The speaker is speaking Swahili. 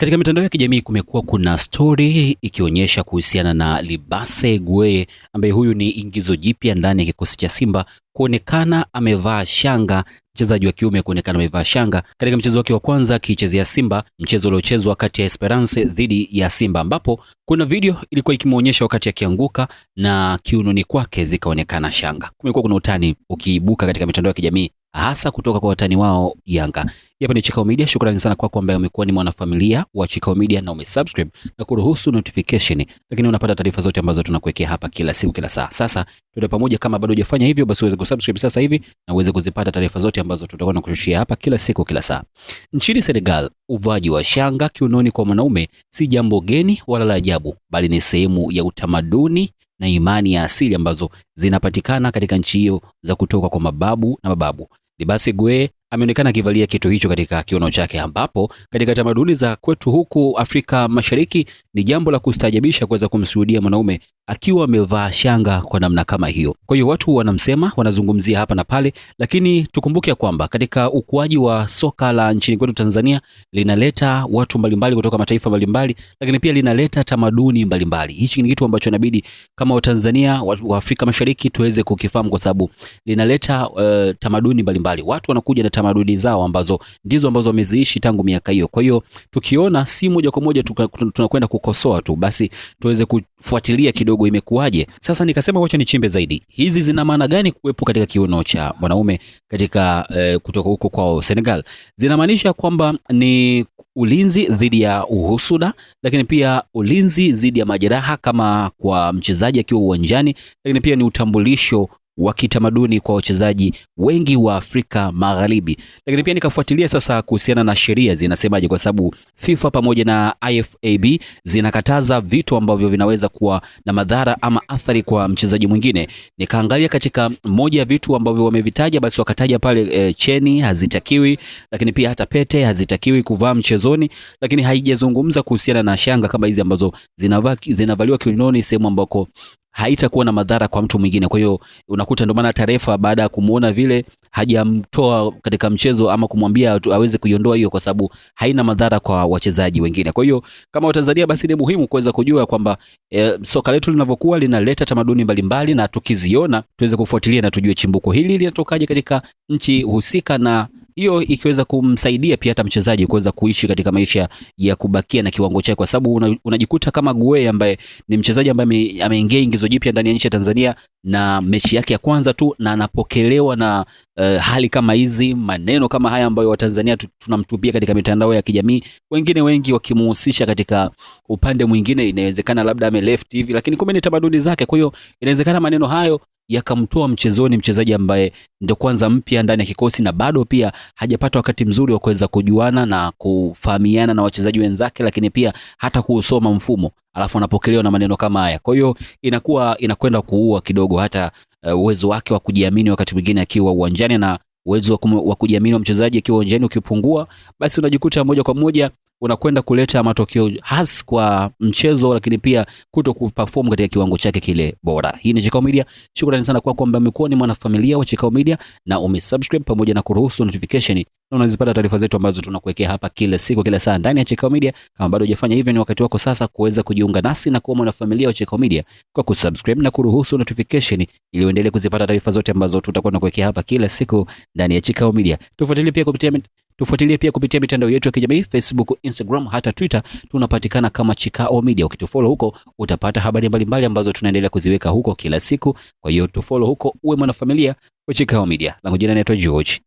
Katika mitandao ya kijamii kumekuwa kuna stori ikionyesha kuhusiana na Libase Gueye ambaye huyu ni ingizo jipya ndani ya kikosi cha Simba kuonekana amevaa shanga, mchezaji wa kiume kuonekana amevaa shanga katika mchezo wake wa kwanza akiichezea Simba, mchezo uliochezwa kati ya Esperance dhidi ya Simba, ambapo kuna video ilikuwa ikimwonyesha wakati akianguka na kiunoni kwake zikaonekana shanga. Kumekuwa kuna utani ukiibuka katika mitandao ya kijamii hasa kutoka kwa watani wao Yanga. Hapa ni Chikao Media. Shukrani sana kwako ambaye umekuwa ni mwanafamilia wa Chikao Media na umesubscribe na kuruhusu notification, lakini unapata taarifa zote ambazo tunakuwekea hapa kila siku kila saa. Sasa tuende pamoja, kama bado hujafanya hivyo, basi uweze kusubscribe sasa hivi na uweze kuzipata taarifa zote ambazo tutakuwa tunakushushia hapa kila siku kila saa. Nchini Senegal, uvaji wa shanga kiunoni kwa mwanaume si jambo geni wala la ajabu, bali ni sehemu ya utamaduni na imani ya asili ambazo zinapatikana katika nchi hiyo za kutoka kwa mababu na mababu. basi Gwe ameonekana akivalia kitu hicho katika kiuno chake, ambapo katika tamaduni za kwetu huku Afrika Mashariki ni jambo la kustajabisha kuweza kumshuhudia mwanaume akiwa amevaa shanga kwa namna kama hiyo. Kwa hiyo watu wanamsema, wanazungumzia hapa na pale, lakini tukumbuke kwamba katika ukuaji wa soka la nchini kwetu Tanzania linaleta watu mbalimbali kutoka mataifa mbalimbali, lakini pia linaleta tamaduni mbalimbali. Hichi ni kitu ambacho inabidi kama Watanzania wa Afrika Mashariki tuweze kukifahamu, kwa sababu linaleta uh, tamaduni mbalimbali, watu wanakuja na tamaduni zao ambazo ndizo ambazo wameziishi tangu miaka hiyo. Kwa hiyo tukiona si moja kwa moja tunakwenda kukosoa tu, basi tuweze kufuatilia kidogo imekuwaje. Sasa nikasema wacha nichimbe zaidi, hizi zina maana gani kuwepo katika kiuno cha mwanaume katika eh, kutoka huko kwao Senegal, zinamaanisha kwamba ni ulinzi dhidi ya uhusuda, lakini pia ulinzi dhidi ya majeraha kama kwa mchezaji akiwa uwanjani, lakini pia ni utambulisho wa kitamaduni kwa wachezaji wengi wa Afrika Magharibi. Lakini pia nikafuatilia sasa kuhusiana na sheria zinasemaje, kwa sababu FIFA pamoja na IFAB zinakataza vitu ambavyo vinaweza kuwa na madhara ama athari kwa mchezaji mwingine. Nikaangalia katika moja ya vitu ambavyo wamevitaja, basi wakataja pale e, cheni hazitakiwi, lakini pia hata pete hazitakiwi kuvaa mchezoni, lakini haijazungumza kuhusiana na shanga kama hizi ambazo zinavaliwa kiunoni, sehemu ambako haitakuwa na madhara kwa mtu mwingine. Kwa hiyo unakuta ndio maana tarefa baada ya kumuona vile hajamtoa katika mchezo ama kumwambia aweze kuiondoa hiyo, kwa sababu haina madhara kwa wachezaji wengine. Kwa hiyo kama Watanzania, basi ni muhimu kuweza kujua kwamba e, soka letu linavyokuwa linaleta tamaduni mbalimbali, na tukiziona tuweze kufuatilia na tujue chimbuko hili linatokaje katika nchi husika na hiyo ikiweza kumsaidia pia hata mchezaji kuweza kuishi katika maisha ya kubakia na kiwango chake, kwa sababu unajikuta kama Gueye ambaye ni mchezaji ambaye ameingia ingizo jipya ndani ya nchi ya Tanzania na mechi yake ya kwanza tu na anapokelewa na uh, hali kama hizi, maneno kama haya ambayo Watanzania tunamtupia katika mitandao ya kijamii, wengine wengi wakimuhusisha katika upande mwingine, inawezekana labda ame left hivi, lakini kumbe ni tamaduni zake. Kwa hiyo inawezekana maneno hayo yakamtoa mchezoni mchezaji ambaye ndio kwanza mpya ndani ya kikosi na bado pia hajapata wakati mzuri wa kuweza kujuana na kufahamiana na wachezaji wenzake, lakini pia hata kuusoma mfumo, alafu anapokelewa na maneno kama haya. Kwa hiyo inakuwa inakwenda kuua kidogo hata eh, uwezo uh, wake wa kujiamini wakati mwingine akiwa uwanjani na uwezo wa kujiamini wa mchezaji akiwa uwanjani ukipungua, basi unajikuta moja kwa moja unakwenda kuleta matokeo hasi kwa mchezo, lakini pia kuto kuperform katika kiwango chake kile bora. Hii ni Chikao Media, shukrani sana kwako ambaye umekuwa ni mwanafamilia wa Chikao Media na umesubscribe pamoja na kuruhusu notification na unazipata taarifa zetu ambazo tunakuwekea hapa kila siku, kila saa ndani ya Chekao Media. Kama bado hujafanya hivyo, ni wakati wako sasa kuweza kujiunga nasi na kuwa mwanafamilia wa Chekao Media kwa kusubscribe na kuruhusu notification, ili uendelee kuzipata taarifa zote ambazo tutakuwa tunakuwekea hapa kila siku ndani ya Chekao Media. Tufuatilie pia kupitia tufuatilie pia kupitia mitandao yetu ya kijamii Facebook, Instagram hata Twitter. Tunapatikana kama Chikao Media. Ukitufollow huko utapata habari mbalimbali mbali ambazo tunaendelea kuziweka huko kila siku. Kwa hiyo tufollow huko, uwe mwanafamilia wa Chikao Media. Langu jina naitwa George.